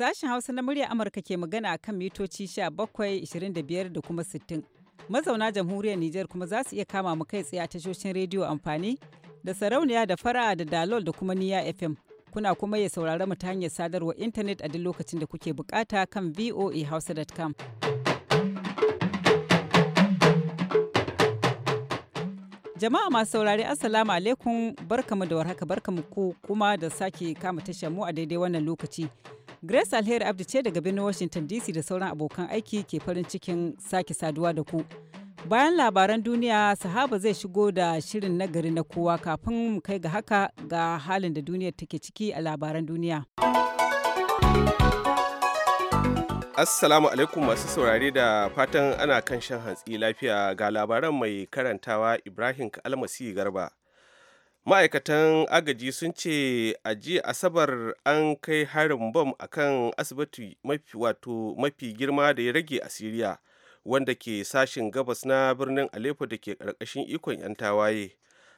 Sashen Hausa na murya Amurka ke magana a kan mitoci 17, 25 da kuma 60. Mazauna jamhuriyar Nijar kuma za su iya kama mu kai tsaye a tashoshin rediyo amfani da sarauniya da fara da dalol da kuma niya FM. Kuna kuma ya saurara mu ta hanyar sadarwar intanet a duk lokacin da kuke bukata kan voahausa.com. Jama'a masu saurari Assalamu alaikum barkamu da warhaka barkamu ku kuma da sake kama tashar mu a daidai wannan lokaci. Grace Alheri Abdi ce daga birnin Washington DC da sauran abokan aiki ke farin cikin sake saduwa da ku. Bayan labaran duniya, sahaba zai shigo da shirin nagari na kowa kafin mu kai ga haka ga halin da duniya take ciki a labaran duniya. Assalamu alaikum masu saurare da fatan ana kan shan hantsi lafiya ga labaran mai karantawa Ibrahim Almasi Garba. ma'aikatan agaji sun ce a jiya asabar an kai harin bom a kan asibiti mafi wato mafi girma da ya rage a siriya wanda ke sashen gabas na birnin aleppo da ke karkashin ikon 'yan tawaye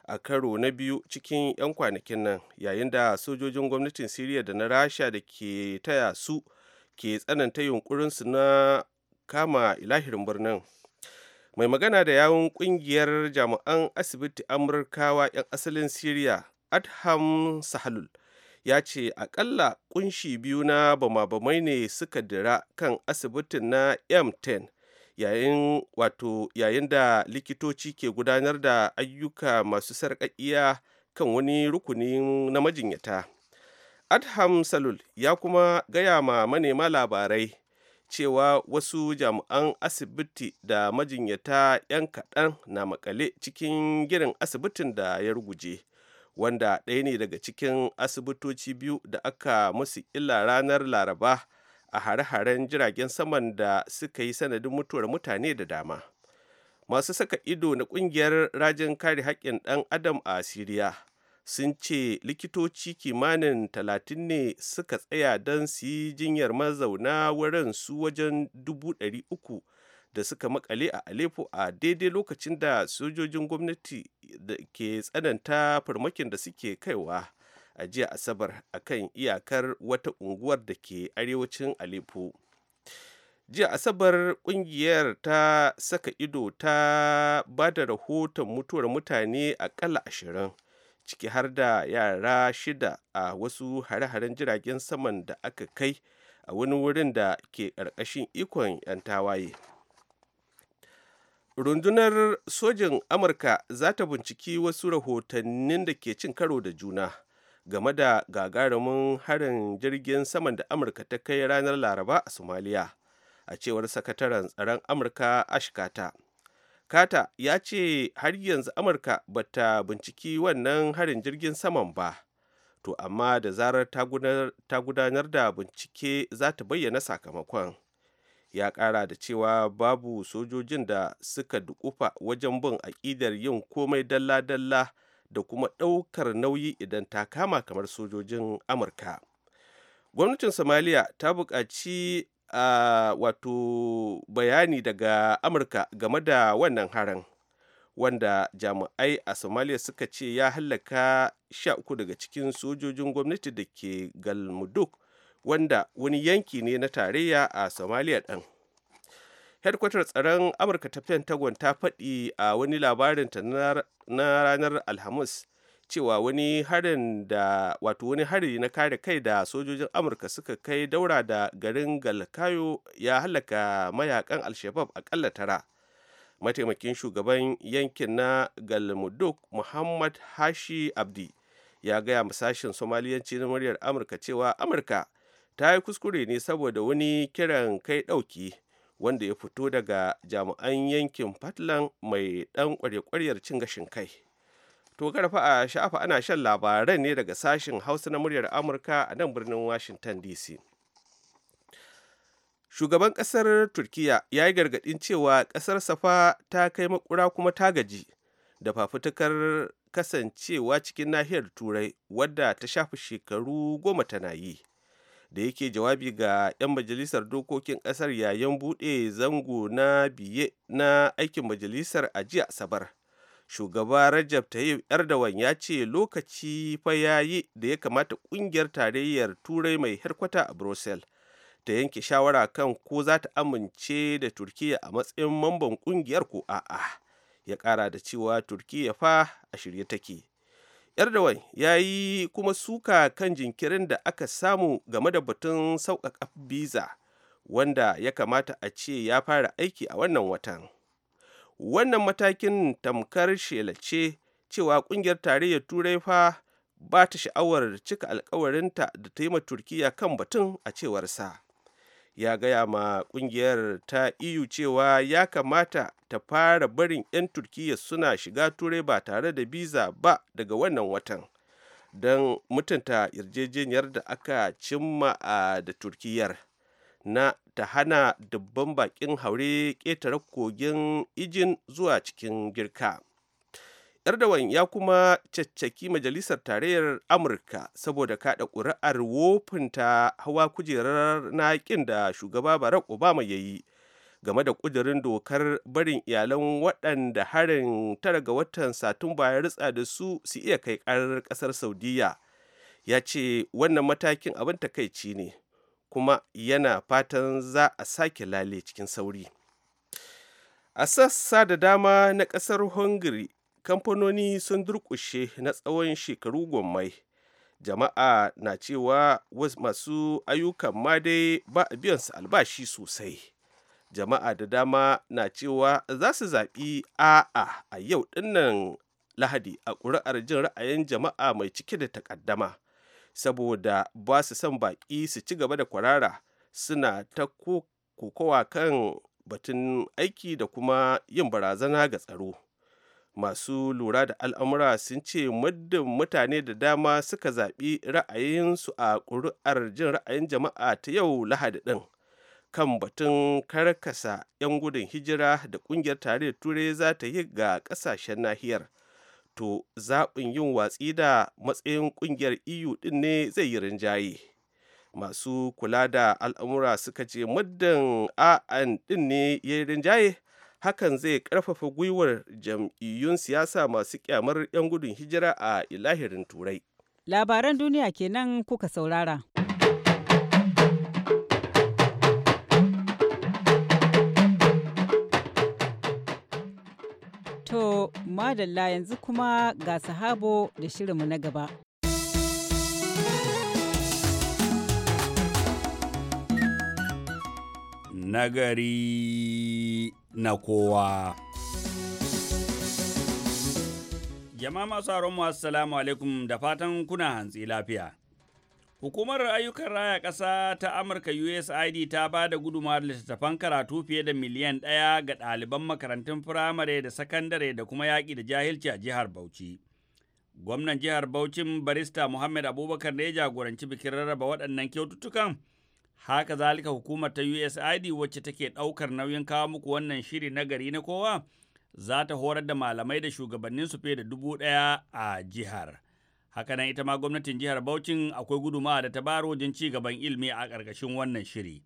a karo na biyu cikin 'yan kwanakin nan yayin da sojojin gwamnatin siriya da na rasha da ke taya su ke tsananta yunkurinsu na kama ilahirin birnin mai magana da yawun kungiyar jami'an asibiti amurkawa 'yan asalin syria adham sahalul ya ce akalla kunshi biyu na bama-bamai ne suka dira kan asibitin na m10 yayin wato yayin da likitoci ke gudanar da ayyuka masu sarƙaƙiya kan wani rukuni na majinyata adham salul ya kuma gaya ma manema labarai cewa wasu jami'an asibiti da majinyata 'yan kaɗan na makale cikin ginin asibitin da ya ruguje wanda ɗaya ne daga cikin asibitoci biyu da aka musu illa ranar laraba a hare-haren jiragen saman da suka yi sanadin mutuwar mutane da dama masu saka ido na ƙungiyar rajin kare haƙƙin ɗan adam a siriya sun ce likitoci kimanin talatin ne suka tsaya don su yi jinyar mazauna wurin su wajen dubu ɗari uku da suka makale a Aleppo a daidai lokacin da sojojin gwamnati da ke tsananta farmakin da suke kaiwa a jiya Asabar a kan iyakar wata unguwar da ke arewacin Aleppo. Jiya Asabar kungiyar ta saka ido ta ba da rahoton mutuwar mutane akalla ashirin. ciki har da yara shida a wasu hare-haren jiragen saman da aka kai a wani wurin da ke ƙarƙashin ikon 'yan tawaye rundunar sojin amurka za ta binciki wasu rahotannin da ke cin karo da juna game da gagarumin harin jirgin saman da amurka ta kai ranar laraba a somaliya a cewar sakataren tsaron amurka ashkata kata ya ce har yanzu amurka ba ta binciki wannan harin jirgin saman ba to amma da zarar ta gudanar da bincike za ta bayyana sakamakon ya ƙara da cewa babu sojojin da suka dukufa wajen bin aƙidar yin komai dalla-dalla da kuma ɗaukar nauyi idan ta kama kamar sojojin amurka gwamnatin somaliya ta buƙaci a wato bayani daga amurka game da wannan harin wanda jami'ai a somalia suka ce ya hallaka 13 daga cikin sojojin gwamnati da ke galmuduk wanda wani yanki ne na tarayya a somalia ɗin hedkwatar tsaron amurka ta pentagon ta faɗi a wani labarinta na ranar alhamis cewa wani harin da wato wani hari na kare kai da sojojin amurka suka kai daura da garin galkayo ya halaka mayakan alshabab akalla tara mataimakin shugaban yankin na galmuduk muhammad hashi abdi ya gaya sashen somaliyanci na muryar amurka cewa amurka ta yi kuskure ne saboda wani kiran kai ɗauki wanda ya fito daga jami'an yankin fatlan mai ɗan kwarye-kwaryar cin gashin kai. To karfa a sha'afa ana shan labaran ne daga sashen Hausa na muryar Amurka a nan birnin Washington DC. Shugaban ƙasar Turkiyya ya yi gargadin cewa ƙasar Safa ta kai makura kuma ta gaji da fafutukar kasancewa cikin nahiyar Turai wadda ta shafi shekaru goma tana yi. Da yake jawabi ga 'yan majalisar dokokin ƙasar yayin buɗe zango na biye na aikin majalisar a jiya Asabar. shugaba rajab tayyip erdogan ya ce lokaci fa ya yi da ya kamata kungiyar tarayyar turai mai harkwata a brussels ta yanke shawara kan ko za ta amince da turkiya a matsayin mamban kungiyar ko a'a ya kara da cewa turkiya fa a shirye take erdogan ya yi kuma suka kan jinkirin da aka samu game da batun sauƙaƙa biza wanda ya kamata a ce ya fara aiki a wannan watan wannan matakin tamkar shela ce cewa kungiyar tarayyar turai fa ba ta sha'awar cika alkawarinta da ta yi ma turkiya kan batun a cewarsa ya gaya ma kungiyar ta iyu e cewa ya kamata ta fara barin 'yan turkiya suna shiga turai ba tare da biza ba daga wannan watan don mutunta yarjejeniyar da aka cimma a da turkiyar na ta hana dubban bakin haure ƙetare kogin ijin zuwa cikin girka erdogan ya kuma caccaki majalisar tarayyar amurka saboda kaɗa ƙuri'ar wofinta hawa kujerar naƙin da shugaba barack obama ya yi game da ƙudurin dokar barin iyalan waɗanda harin tara ga watan satumba ya ritsa da su su iya kai ƙarar ƙasar saudiya ya ce wannan matakin abin takaici ne kuma yana fatan za a sake lale cikin sauri a sassa da dama na ƙasar hungary kamfanoni sun durƙushe na tsawon shekaru gwammai jama'a na cewa masu ayyukan ma dai ba a biyan su albashi sosai jama'a da dama na cewa za su zaɓi a'a a yau dinnan lahadi a ƙuri'ar jin ra'ayin jama'a mai cike da takaddama saboda ba su son baƙi su ci gaba da kwarara suna ta kokowa kan batun aiki da kuma yin barazana ga tsaro masu lura da al'amura sun ce muddin mutane da dama suka zaɓi ra'ayinsu a ƙuri'ar jin ra'ayin jama'a ta yau lahadi ɗin kan batun karkasa 'yan gudun hijira da ƙungiyar tare turai za ta yi ga ƙasashen nahiyar to zaɓin yin watsi da matsayin ƙungiyar eu ɗin ne zai yi rinjaye masu kula da al'amura suka ce muddin a'an ɗin ne ya yi rinjaye hakan zai ƙarfafa gwiwar jam'iyyun siyasa masu ƙyamar 'yan gudun hijira a ilahirin turai labaran duniya kenan kuka saurara madalla yanzu kuma ga sahabo da shirinmu na gaba. Nagari na kowa. Jama'a masu mu assalamu alaikum da fatan kuna hantsi lafiya. Hukumar ayyukan raya ƙasa ta Amurka usid ta ba da gudumar littattafan karatu fiye da miliyan ɗaya ga ɗaliban makarantun firamare da sakandare da kuma yaƙi da jahilci a jihar Bauchi. Gwamnan jihar Bauchi, barista Muhammad Abubakar ne jagoranci bikin rarraba waɗannan kyaututtukan. Haka zalika hukumar ta usid wacce take ɗaukar nauyin kawo muku wannan shiri na gari na kowa za ta horar da malamai da shugabanninsu fiye da dubu ɗaya a jihar. Hakanan ita ma gwamnatin jihar Bauchin akwai guduma da ta wajen ci gaban ilimi a ƙarƙashin wannan shiri.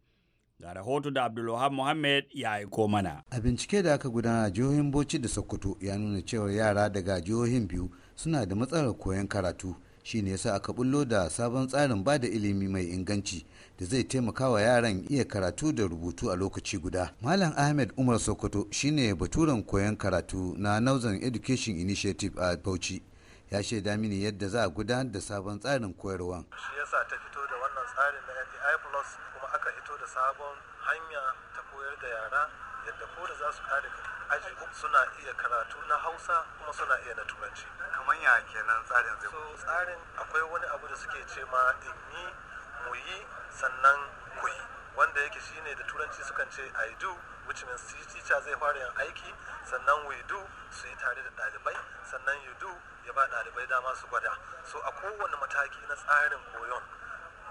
Ga rahoto da Abdulwahab Muhammad ya aiko mana. A bincike da aka gudana a jihohin Bauchi da Sokoto ya nuna cewa yara daga jihohin biyu suna da matsalar koyon karatu. Shi ne yasa aka bullo da sabon tsarin ba da ilimi mai inganci da zai taimaka wa yaran iya karatu da rubutu a lokaci guda. Malam Ahmed Umar Sokoto shine baturen koyon karatu na Northern Education Initiative a Bauchi. ya shaida mini yadda za a gudanar da sabon tsarin koyarwan. Shi yasa ta fito da wannan tsarin na NDI Plus kuma aka fito da sabon hanya ta koyar da yara yadda ko da za su kare aji suna iya karatu na Hausa kuma suna iya na Turanci. Kamar ya kenan tsarin zai. So tsarin akwai wani abu da suke ce ma in yi mu yi sannan ku yi. yake shine da turanci sukan ce i do which means teacher zai fara yin aiki sannan we do su yi tare da ɗalibai sannan you do ya ba ɗalibai dama su gwada so a kowane mataki na tsarin koyon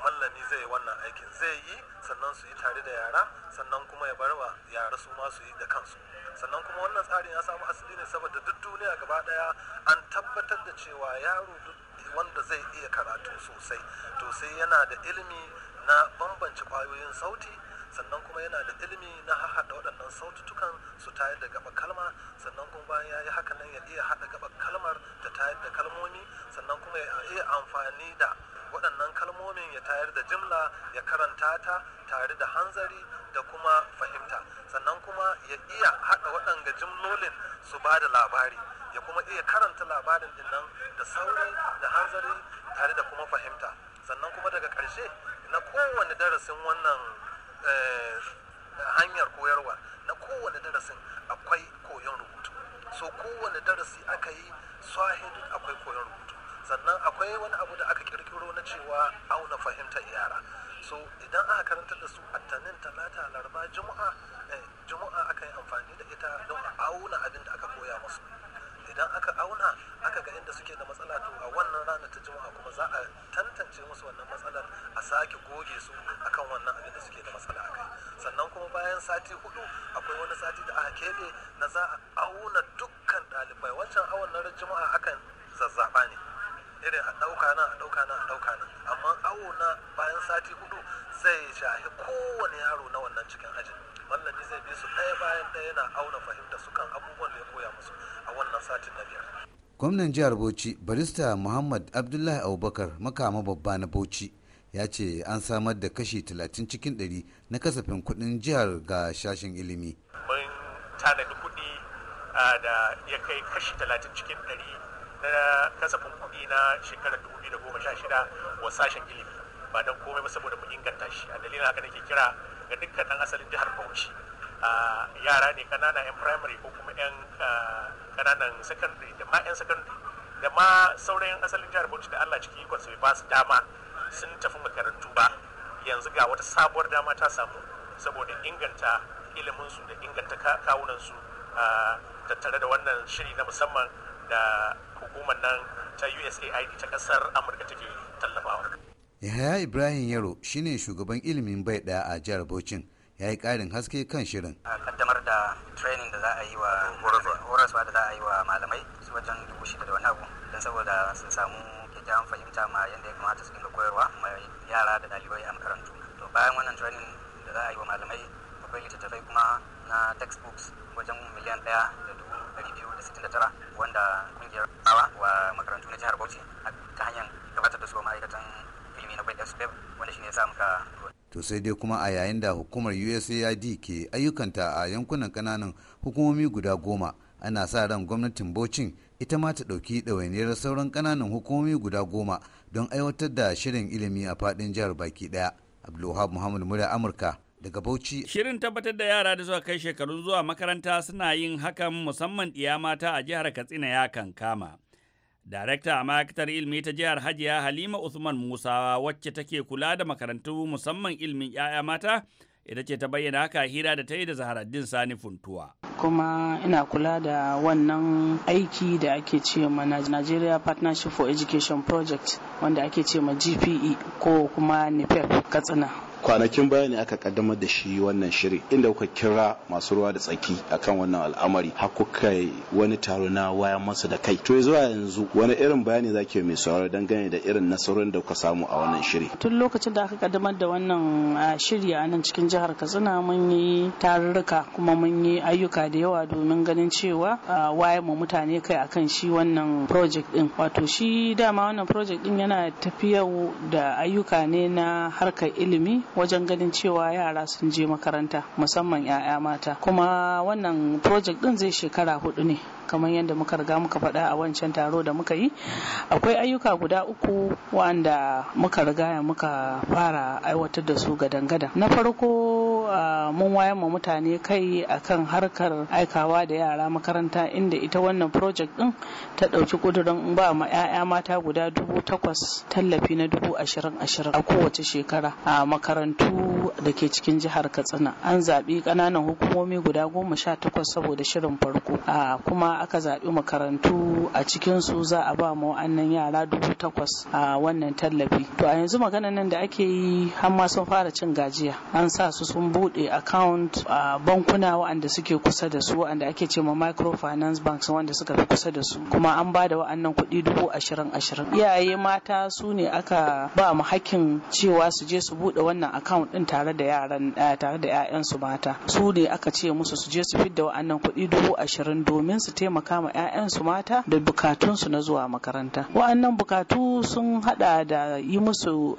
mallami zai yi wannan aikin zai yi sannan su yi tare da yara sannan kuma ya bar wa yara su ma yi da kansu sannan kuma wannan tsarin ya samu asali ne saboda duk duniya gaba daya an tabbatar da cewa yaro wanda zai iya karatu sosai to sai yana da ilimi na bambance kwayoyin sauti sannan kuma yana da ilimi na haɗa waɗannan sautukan su tayar da gaba kalma sannan kuma bayan ya yi haka nan ya iya haɗa gaba kalmar ta tayar da kalmomi sannan kuma ya iya amfani da waɗannan kalmomin ya tayar da jimla ya karanta ta tare da hanzari da kuma fahimta sannan kuma ya iya haɗa waɗanga jimlolin su ba da labari ya kuma iya karanta labarin din nan da sauri da hanzari tare da kuma fahimta sannan kuma daga karshe na kowane darasin wannan Eh, hanyar koyarwa na kowane darasin akwai koyon rubutu so kowane darasi aka yi swahili akwai koyon rubutu sannan akwai wani abu da aka kirkiro na cewa auna fahimtar yara so idan aka karantar da su a tanin talata larba juma'a eh, juma'a aka yi amfani da ita don auna abin da aka koya musu idan aka auna aka ga inda suke da matsala to a wannan ranar ta juma'a kuma za a tantance musu wannan matsalar a sake goge su akan wannan abin da suke da matsala a kai sannan kuma bayan sati hudu akwai wani sati da aka keɓe na za a auna dukkan ɗalibai wancan awon na juma'a akan zazzaɓa ne irin a ɗauka nan a ɗauka nan a ɗauka nan amma awo na bayan sati hudu zai shahi kowane yaro na wannan cikin ajin mallaji zai bi su ɗaya bayan ɗaya yana auna fahimta su kan abubuwan da ya koya musu a wannan satin na biyar. gwamnan jihar bauchi barista muhammad abdullahi abubakar makama babba na bauchi ya ce an samar da kashi 30 cikin 100 na kasafin kuɗin jihar ga shashin ilimi. mun tanadi kudi da ya kai kashi 30 cikin 100 na kasafin kudi na shekarar 2016 wa sashen ilimi ba don komai ba saboda mu inganta shi a dalilin haka nake kira ga dukkan ɗan asalin jihar bauchi yara ne kanana 'yan primary ko kuma 'yan kananan secondary da ma 'yan secondary da ma sauran 'yan asalin jihar bauchi da allah ciki ikon bai ba su dama sun tafi makarantu ba yanzu ga wata sabuwar dama ta samu saboda inganta iliminsu da inganta kawunansu tattare da wannan shiri na musamman da hukumar nan ta usaid ta kasar amurka take tallafawa yahaya ibrahim yaro shine shugaban ilimin bai daya a jihar bocin ya yi karin haske kan shirin a kaddamar da training da za a yi wa horaswa da za a yi wa malamai su wajen dubu shida da wani abu don saboda sun samu kyakkyawan fahimta ma yadda ya kamata su dinga koyarwa ma yara da ɗalibai a makarantu to bayan wannan training da za a yi wa malamai akwai littattafai kuma na textbooks wajen miliyan ɗaya da dubu dari biyu da sittin da tara wanda kungiyar wa makarantu na jihar bauchi ta hanyar gabatar da su ma'aikatan to sai dai kuma a yayin da hukumar USAID ke ayyukanta a yankunan kananan hukumomi guda goma ana sa ran gwamnatin Bocin ita ma ta ɗauki ɗawainiyar sauran kananan hukumomi guda goma don aiwatar da shirin ilimi a faɗin jihar baki ɗaya. Abdullahi Muhammad Murya Amurka daga Bauchi. Shirin tabbatar da yara da suka kai shekarun zuwa makaranta suna yin hakan musamman ɗiya mata a jihar Katsina ya kankama. Darekta a ma'aikatar Ilmi ta jihar Hajiya Halima Usman Musa wacce take kula da makarantu musamman ilmin 'ya'ya mata ita ce ta bayyana haka hira da ta yi da zaharaddin sani funtuwa kuma ina kula da wannan aiki da ake ce ma nigeria partnership for education project wanda ake ce ma gpe ko kuma nipep e katsina kwanakin baya ne aka kaddamar da shi wannan shiri inda kuka kira masu ruwa da tsaki akan wannan al'amari har kuka wani taro na waya masa da kai to zuwa yanzu wani irin bayani zake mai sauraro dangane da irin nasarorin da kuka samu a wannan shiri tun lokacin da aka kaddamar da wannan shiri a nan cikin jihar Katsina mun yi tarurruka kuma mun yi ayyuka da yawa domin ganin cewa wayar mu mutane kai akan shi wannan project din wato shi dama wannan project din yana tafiyar da ayyuka ne na harkar ilimi wajen ganin cewa yara sun je makaranta musamman 'ya'ya mata kuma wannan project din zai shekara hudu ne kamar yadda muka riga muka faɗa a wancan taro da muka yi akwai ayyuka guda uku wanda muka riga muka fara aiwatar da su gadan-gadan na farko mun wayar ma mutane kai akan harkar aikawa da yara makaranta inda ita wannan project din ta ɗauki ƙudurin ba ma 'ya'ya mata guda dubu takwas tallafi na dubu ashirin ashirin a kowace shekara a makarantu da ke cikin jihar katsina an zaɓi ƙananan hukumomi guda goma sha takwas saboda shirin farko a kuma aka zaɓi makarantu a cikin su za a ba ma wa'annan yara dubu takwas a wannan tallafi to a yanzu maganan nan da ake yi har ma sun fara cin gajiya an sa su sun buɗe account a bankuna waɗanda suke kusa da su waɗanda ake ce ma microfinance banks wanda suka fi kusa da su kuma an ba da wa'annan kuɗi dubu ashirin ashirin iyaye mata su ne aka ba mu hakkin cewa su je su buɗe wannan account ɗin tare da yaran tare da 'ya'yansu mata su ne aka ce musu su je su fidda waɗannan kuɗi dubu ashirin domin su taimaka ma 'ya'yansu mata da bukatunsu na zuwa makaranta waɗannan bukatu sun haɗa da yi musu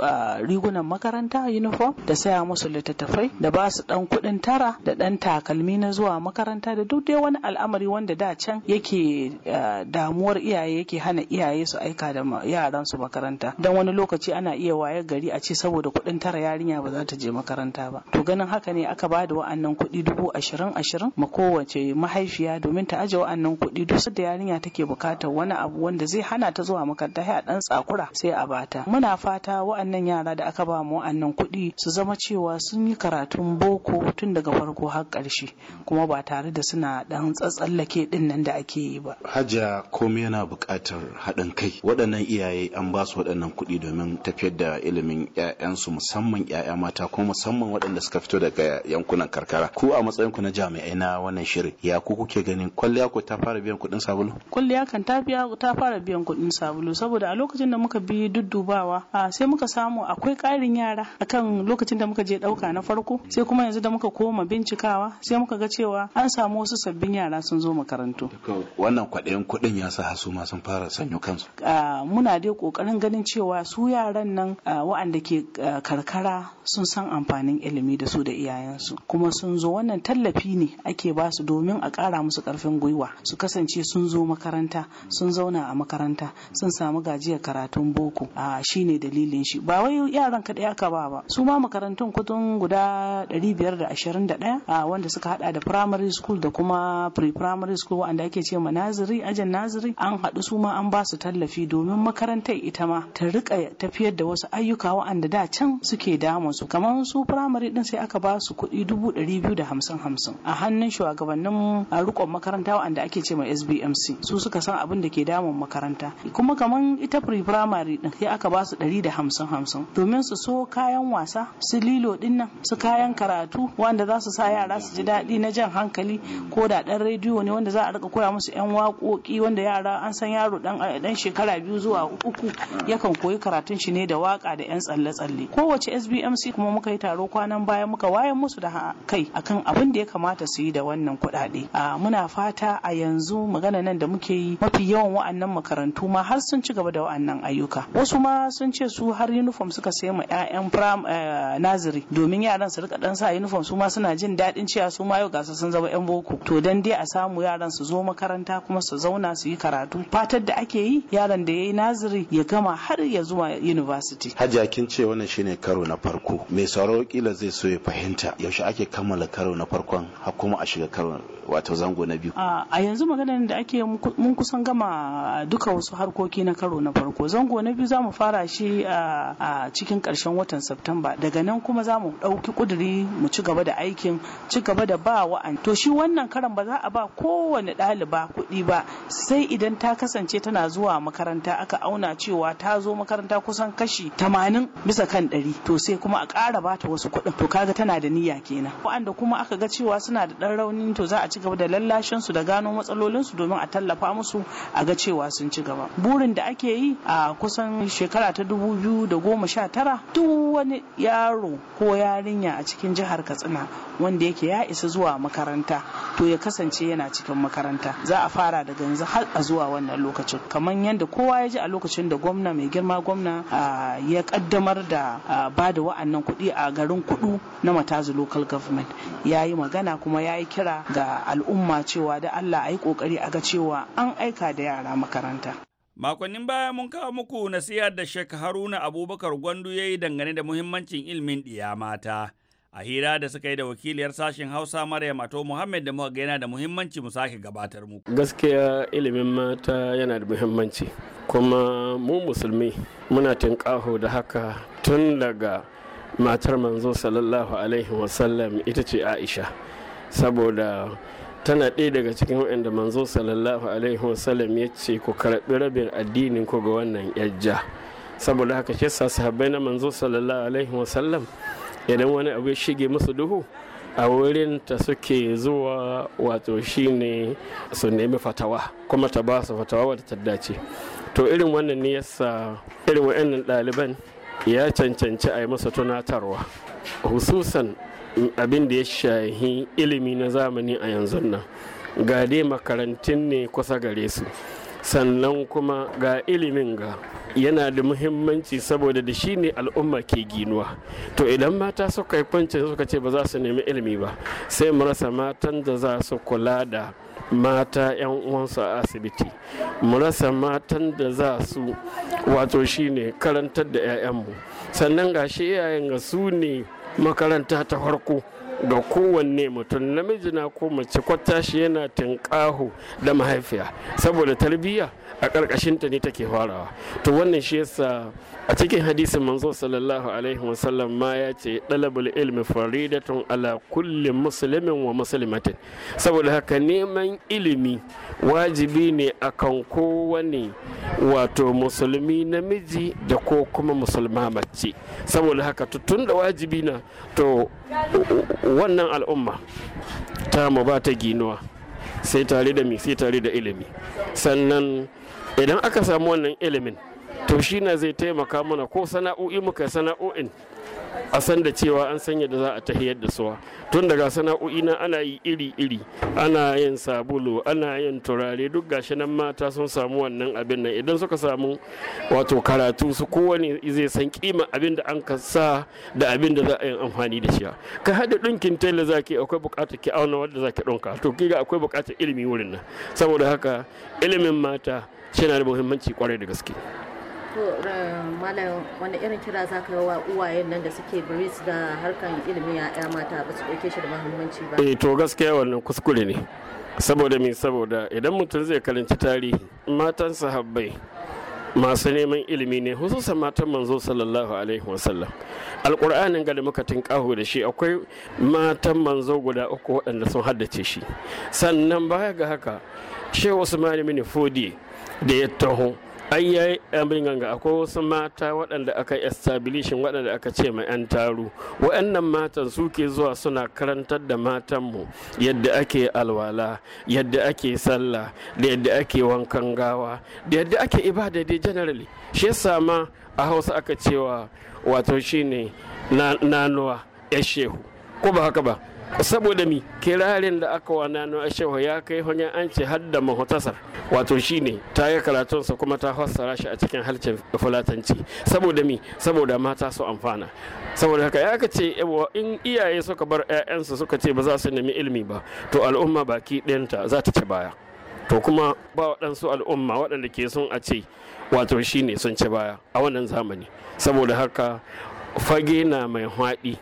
rigunan makaranta uniform da saya musu littattafai da ba basu su dan kuɗin tara da dan takalmi na zuwa makaranta da duk dai wani al'amari wanda da can yake eh, damuwar iyaye yake hana iyaye su aika da yaran su makaranta dan wani lokaci ana iya wayar gari a ce saboda kuɗin tara yarinya ba za ta je makaranta ba to ganin haka ne aka ba da wa'annan kuɗi dubu ashirin ashirin ma kowace mahaifiya domin ta aje wa'annan kuɗi duk da yarinya take bukatar wani abu wanda zai hana ta zuwa makaranta sai a dan tsakura sai a bata muna fata wa'annan yara da aka ba mu wa'annan kuɗi su zama cewa sun yi karatun boko tun daga farko har ƙarshe kuma ba tare da suna ɗan tsatsallake ɗin nan da ake yi ba. Hajja komai yana buƙatar haɗin kai waɗannan iyaye an ba su waɗannan kuɗi domin tafiyar da ilimin 'ya'yansu musamman 'ya'ya mata ko musamman waɗanda suka fito daga yankunan karkara ku a matsayin ku na jami'ai na wannan shirin ya ku kuke ganin kwalliya ko ta fara biyan kuɗin sabulu? Kwalliya kan ta fara biyan kuɗin sabulu saboda a lokacin da muka bi duddubawa sai muka samu akwai ƙarin yara akan lokacin da muka je ɗauka na farko sai kuma yanzu da muka koma bincikawa sai muka ga cewa an samu wasu sabbin yara sun zo makarantu wannan kwaɗayin kuɗin ya sa su ma sun fara sanyo kansu muna dai ƙoƙarin ganin cewa su yaran nan wa'anda ke karkara sun san amfanin ilimi da su da iyayensu kuma sun zo wannan tallafi ne ake ba su domin a ƙara musu ƙarfin gwiwa su kasance sun zo makaranta sun zauna a makaranta sun samu gajiyar karatun boko a shine dalilin shi ba wai yaran kaɗai aka ba ba su ma makarantun kudin guda 521 wanda suka hada da primary school da kuma pre-primary school wanda ake ce ma naziri ajin naziri an haɗu su ma an ba su tallafi domin makarantar ita ma ta rika tafiyar da wasu ayyuka wa'anda da can suke damun su kamar su primary din sai aka ba su kuɗi dubu ɗari biyu da hamsin hamsin a hannun shugabannin rikon makaranta wa'anda ake ce ma SBMC su suka san abin da ke damun makaranta kuma kamar ita pre-primary din sai aka ba su ɗari da hamsin hamsin domin su so kayan wasa su lilo dinnan su kayan ka karatu wanda za su sa yara su ji daɗi na jan hankali ko da ɗan rediyo ne wanda za a rika koya musu 'yan waƙoƙi wanda yara an san yaro ɗan shekara biyu zuwa uku yakan koyi karatun shi ne da waka da 'yan tsalle-tsalle kowace sbmc kuma muka yi taro kwanan baya muka wayan musu da kai akan abin da ya kamata su yi da wannan kuɗaɗe muna fata a yanzu magana nan da muke yi mafi yawan wa'annan makarantu ma har sun ci gaba da wa'annan ayyuka wasu ma sun ce su har uniform suka sai ma 'ya'yan naziri eh, domin yaran su rika dan sa uniform su ma suna jin daɗin cewa su ma yau gasa sun zama 'yan boko to dan dai a samu yaran su zo makaranta kuma su zauna su yi karatu fatar da ake yi yaran da yayi naziri ya gama har ya zuwa university hajiya kin ce wannan shine karo na farko mai sauraro kila zai so ya fahimta yaushe ake kammala karo na farkon har kuma a shiga karo wato zango na biyu ah, a yanzu maganar da ake mun kusan gama duka wasu harkoki na karo na farko zango na biyu za mu fara shi a ah, ah, cikin karshen watan Satumba daga nan kuma za mu ɗauki ƙuduri mu ci gaba da aikin ci gaba da ba wa'an to shi wannan karan ba za a ba kowane ɗaliba kuɗi ba sai idan ta kasance tana zuwa makaranta aka auna cewa ta zo makaranta kusan kashi tamanin bisa kan ɗari to sai kuma a ƙara bata wasu kuɗin to kaga tana da niyya kenan wa'anda kuma aka ga cewa suna da ɗan rauni to za a ci gaba da lallashin su da gano matsalolin su domin a tallafa musu a ga cewa sun ci gaba burin da ake yi a kusan shekara ta dubu biyu da goma sha tara duk wani yaro ko yarinya a cikin cikin jihar katsina wanda yake ya isa zuwa makaranta to ya kasance yana cikin makaranta za a fara daga yanzu har a zuwa wannan lokacin kamar yadda kowa ya ji a lokacin da gwamna mai girma gwamna ya kaddamar da ba da wa'annan kuɗi a garin kudu na matazu local government ya yi magana kuma ya yi kira ga al'umma cewa da allah a yi kokari a ga cewa an aika da yara makaranta Makonnin baya mun kawo muku nasiha da Sheikh Haruna Abubakar Gwandu ya yi dangane da muhimmancin ilimin ɗiya mata. a hira da suka yi da wakiliyar sashen hausa maryam ato muhammad da muka gaina da muhimmanci mu sake gabatar mu gaskiya ilimin mata yana da muhimmanci kuma mu musulmi muna tinkaho da haka tun daga matar manzo sallallahu alaihi wasallam ita ce aisha saboda tana ɗaya daga cikin waɗanda manzo sallallahu alaihi wasallam ya ce ku karɓi rabin addinin ku ga wannan yajja saboda haka shi sahabbai na manzo sallallahu alaihi wasallam idan wani abu ya shige musu duhu a wurin ta suke zuwa wato shine su nemi fatawa kuma ta ba su fatawa wadda ta dace to irin wannan ne yasa irin wa'annan ɗaliban ya cancanci a yi masa tunatarwa hususan abin da ya shahi ilimi na zamani a yanzu nan ga dai makarantun ne kusa gare su sannan kuma ga ilimin ga yana da muhimmanci saboda da shi ne al'umma ke ginuwa to idan mata suka yi kwanci suka ce ba za su nemi ilimi ba sai mu rasa matan da za su kula da mata 'yan uwansu a asibiti mu rasa matan da za su wato shi ne karantar da 'ya'yanmu sannan gashi iyayen ga su ne makaranta ta farko ga kowanne mutum namiji na ko mace kwata shi yana tinƙahu da mahaifiya saboda tarbiyya a ta ne take farawa to wannan shi yasa a cikin hadisin manzo sallallahu alaihi wasallam ma ya ce dalabul ilmi faridatun ala kulli muslimin wa muslimatin saboda haka neman ilimi wajibi ne akan kowane wato musulmi namiji da ko kuma musulma mace saboda haka tun da wajibi na to wannan al'umma ta mu ba ta ginuwa sai tare da mi sai tare da ilimi sannan idan aka samu wannan ilimin to shi na zai taimaka mana ko sana'o'i muka sana'o'in a san da cewa an sanya da za a tahiyar da suwa tun daga sana'o'i na ana yi iri-iri ana yin sabulu ana yin turare duk gashi nan mata sun samu wannan abin nan idan suka samu wato karatu su kowane zai san kima abin da an sa da abin da za a yi amfani da shi ka hada dinkin tela zaki akwai bukatar ki auna wanda zaki dinka to kiga akwai bukatar ilimi wurin nan saboda haka ilimin mata shi da muhimmanci kwarai da gaske Eh, wani irin kira za ka wa uwayen nan da suke biris da harkan ilimi yaya ya mata ba su ɗauke shi da mahimmanci ba eh to gaskiya wannan kuskure ne saboda me saboda idan mutum zai karanci tarihi matan sahabbai masu neman ilimi ne hususan matan manzo sallallahu alaihi wasallam alƙur'anin ga da muka tinkaho da shi akwai matan manzo guda uku waɗanda sun haddace shi sannan baya ga haka shehu usman ibn fodi da ya taho ayyai abin ganga akwai wasu mata waɗanda aka establishin waɗanda aka ce mai 'yan taru waɗannan matan suke zuwa suna karantar da matanmu yadda ake alwala yadda ake sallah da yadda ake wankan gawa da yadda ake ibada dai generally shi yasa ma a hausa aka cewa wato shine nanuwa ya shehu ko ba haka ba saboda mi kirarin da aka wana na ashewa ya kai hanya an ce har da mahotasar wato shine ta yi karatunsa kuma ta fassara shi a cikin halcin fulatanci saboda mi saboda mata su amfana saboda haka ya ka ce in iyaye suka bar 'ya'yansu suka ce ba za su nemi ilimi ba to al'umma baki ɗinta za ta ci baya to kuma ba waɗansu al'umma waɗanda ke sun a ce wato shine sun ci baya a wannan zamani saboda haka fage na mai haɗi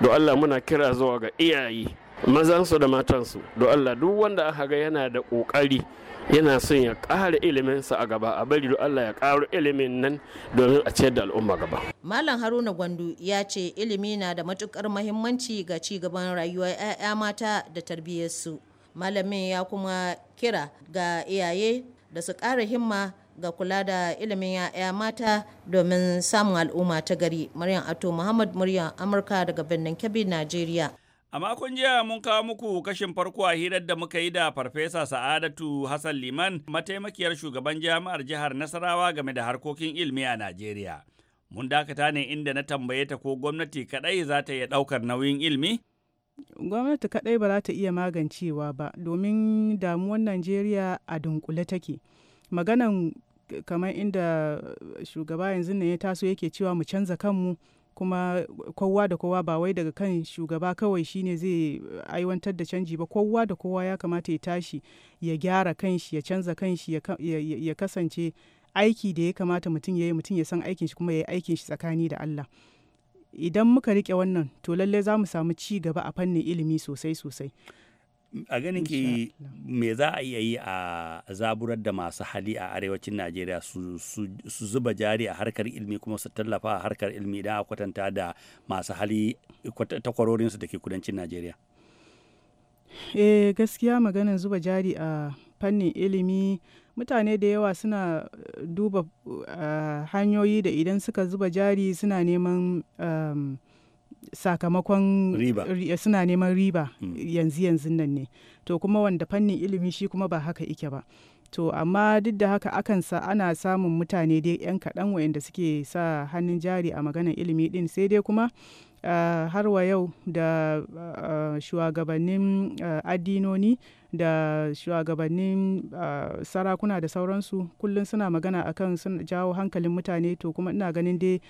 do Allah muna kira zuwa ga iyaye mazansu da matansu do Allah duk wanda aka ga yana da kokari yana son ya ƙara iliminsa a gaba a bari do Allah ya ƙaro ilimin nan domin a ciyar da al'umma gaba. Malam Haruna Gwandu ya ce ilimi na da matukar muhimmanci ga ci gaban rayuwar 'ya'ya mata da tarbiyyarsu. Malamin ya kuma kira ga iyaye da su kara himma ga kula da ilimin 'ya'ya mata domin samun al'umma ta gari. Maryam Ato Muhammad muryar Amurka daga birnin Kebbi, Najeriya. A makon jiya mun kawo muku kashin farko a hirar da muka yi da Farfesa Sa'adatu Hassan Liman, mataimakiyar shugaban jami'ar jihar Nasarawa game da harkokin ilimi a Najeriya. Mun dakata ne inda na tambaye ta ko gwamnati kaɗai za ta iya ɗaukar nauyin ilimi? Gwamnati kaɗai ba za ta iya magancewa ba, domin damuwar Najeriya a dunkule take. maganan kamar inda eh, shugaba yanzu ne ya taso yake cewa mu canza kanmu kuma kowa da kowa ba wai daga kan shugaba kawai shine zai eh, aiwantar da canji ba kowa da kowa ya kamata ya tashi ya gyara kanshi ya canza kanshi ya kasance aiki da ya kamata mutum ya yi mutum ya san aikin shi kuma ya yi aikin shi tsakani da Allah idan muka rike wannan to lallai za mu samu ci gaba a fannin ilimi sosai sosai a ganin ki me za a iya yi a zaburar da masu hali a arewacin najeriya su, zuba jari a harkar ilmi kuma su tallafa a harkar ilmi idan a kwatanta da masu hali takwarorinsu da ke kudancin najeriya eh gaskiya maganin zuba jari a fannin ilimi mutane da yawa suna duba eh, hanyoyi da idan suka zuba jari suna neman um, sakamakon suna neman riba hmm. yanzu yanzu nan ne to kuma wanda fannin ilimi shi kuma ba haka ike ba to amma duk da haka akan sa ana samun mutane dai 'yan kaɗan wayanda suke sa hannun jari a maganar ilimi din sai dai kuma har wa yau da shugabannin addinoni da shugabannin sarakuna da sauransu kullum suna magana akan sun jawo hankalin mutane to kuma ina ganin dai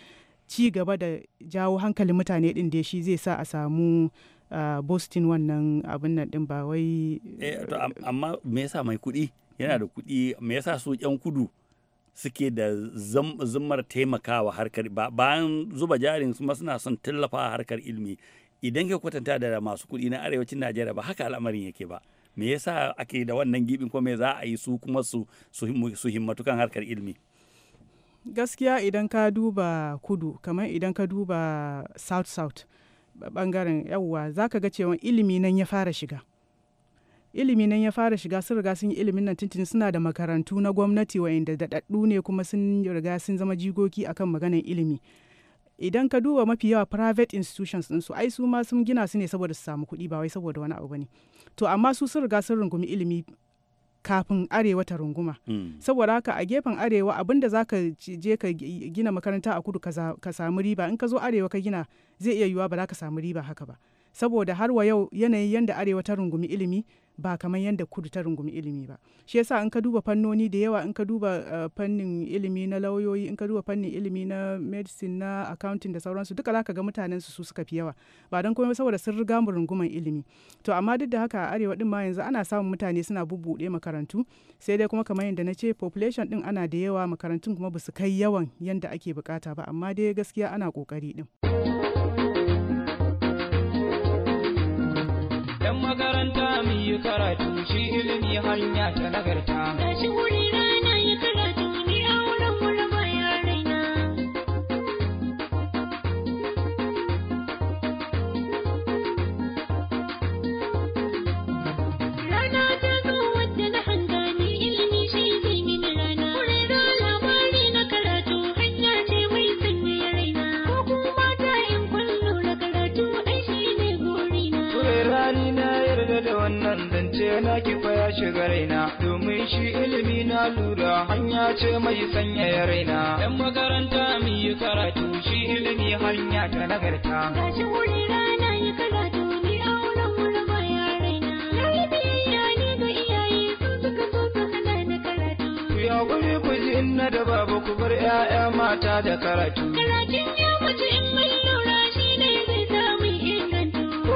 ci gaba da jawo hankalin mutane din da shi zai sa a samu boston wannan abin nan din ba wai eh, amma me yasa mai kuɗi yana da kuɗi me yasa su yan kudu suke da zummar taimakawa harkar bayan zuba jarin su suna son tallafa harkar ilimi idan ka kwatanta da masu kuɗi na arewacin najeriya ba haka al'amarin yake ba me yasa ake da wannan gibin ko me za a yi su kuma su himmatukan harkar ilimi gaskiya idan ka duba kudu kamar idan ka duba south south bangaren yawwa za ka ga cewa ilimi nan ya fara shiga ilimi nan ya fara shiga sun riga sun yi ilimin nan tuntuni suna da makarantu na gwamnati wa'inda daɗaɗɗu ne kuma sun riga sun zama jigoki akan maganar ilimi idan ka duba mafi yawa private institutions din ai su ma sun gina su ne saboda su samu kuɗi ba wai saboda wani abu ba ne to amma su sun riga sun rungumi ilimi kafin arewa ta runguma hmm. saboda haka a gefen arewa abinda za ka je ka gina makaranta a kudu ka samu riba in ka zo arewa ka gina zai iya yiwuwa ba za ka samu riba haka ba saboda har wa yau yanayin yadda arewa ta rungumi ilimi ba kamar yadda kudu ta rungumi ilimi ba shi yasa in ka duba fannoni da yawa in ka duba eh, fannin ilimi na lauyoyi in ka duba fannin ilimi na medicine na accounting da sauransu duka laka ga mutanen su suka fi yawa ba don komai saboda sun riga mu runguman ilimi to amma duk da haka a arewa din ma yanzu ana samun mutane suna bubbude makarantu sai dai kuma kamar yadda na ce population din ana da yawa makarantun kuma ba su kai yawan yadda ake bukata ba amma dai gaskiya ana kokari din. Yan makaranta yi karatu shi ilimi hanya ta nagarta. Tashi wuri ya shiga raina domin shi ilimi na lura hanya ce mai sanya ya raina yan makaranta mu yi karatu shi ilimi hanya ta nagarta gashi wuri rana yi karatu ni a wurin wurin bayan raina na yi biyayya ne ga iyaye sun suka so su hana ni karatu ya kuri ku ji na da babu ku bar 'ya'ya mata da karatu karatun ya mace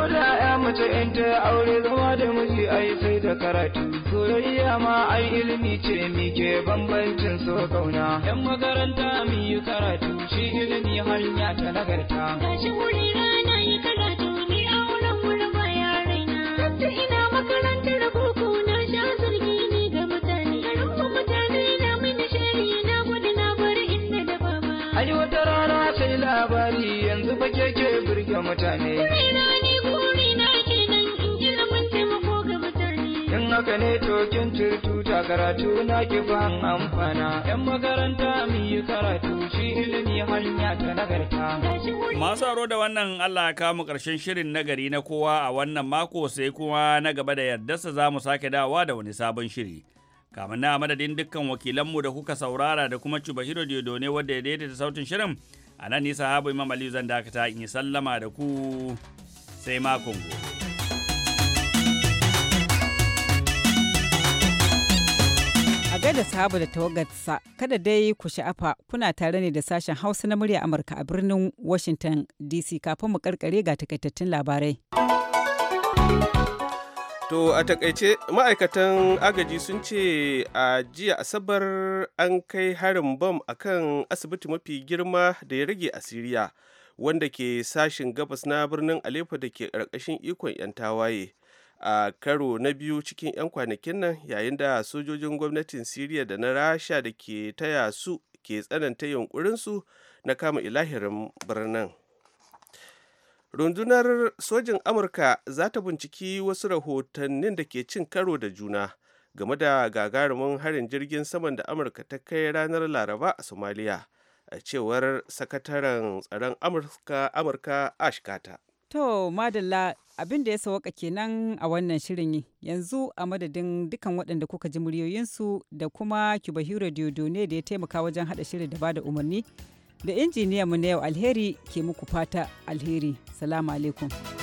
ko da ya mace in ta aure zama da miji ai sai da karatu soyayya ma ai ilimi ce mi ke bambancin so kauna yan makaranta mi yi karatu shi ilimi hanya ta nagarta gashi wuri rana yi karatu ni a wurin wurin ba yarena tatta ina makarantar boko na sha zargi ne ga mutane garin mutane na mini shari na gudu na bari inda da ma. ai wata rana sai labari yanzu ba keke burge mutane haka ne tokin ta karatu na kifan amfana. ‘Yan makaranta mu yi karatu shi ilimi hanya ta nagarta. Masu aro da wannan Allah ka mu ƙarshen shirin nagari na kowa a wannan mako sai kuma na gaba da yardarsa za mu sake dawa da wani sabon shiri. Kamar na madadin dukkan wakilanmu da kuka saurara da kuma Cubahiro Diodo ne wanda ya daidaita sautin shirin. A nan nisa habu Imam Aliyu zan dakata in yi sallama da ku sai makon gobe. da sahaba da tawagarsa kada dai ku sha'afa kuna tare ne da sashen hausa na murya amurka a birnin washington dc kafin mu karkare ga takaitattun labarai to a takaice ma'aikatan agaji sun ce a jiya asabar an kai harin bam akan asibiti mafi girma da ya rage a siriya wanda ke sashen gabas na birnin aleppo da ke ƙarƙashin ikon 'yan tawaye a karo na biyu cikin 'yan kwanakin nan yayin da sojojin gwamnatin siriya da na rasha da ke taya su ke tsananta yunkurinsu na kama ilahirin birnin rundunar sojin amurka za ta binciki wasu rahotannin da ke cin karo da juna game da gagarumin harin jirgin saman da amurka ta kai ranar laraba a somaliya a cewar sakataren tsaron amurka ash To, madalla abin da ya sawaka kenan a wannan shirin yanzu a madadin dukan waɗanda kuka ji muryoyinsu da kuma Kibahiro ne da ya taimaka wajen haɗa shirin da bada umarni da injiniyan mu na yau alheri ke muku fata alheri. Salamu alaikum.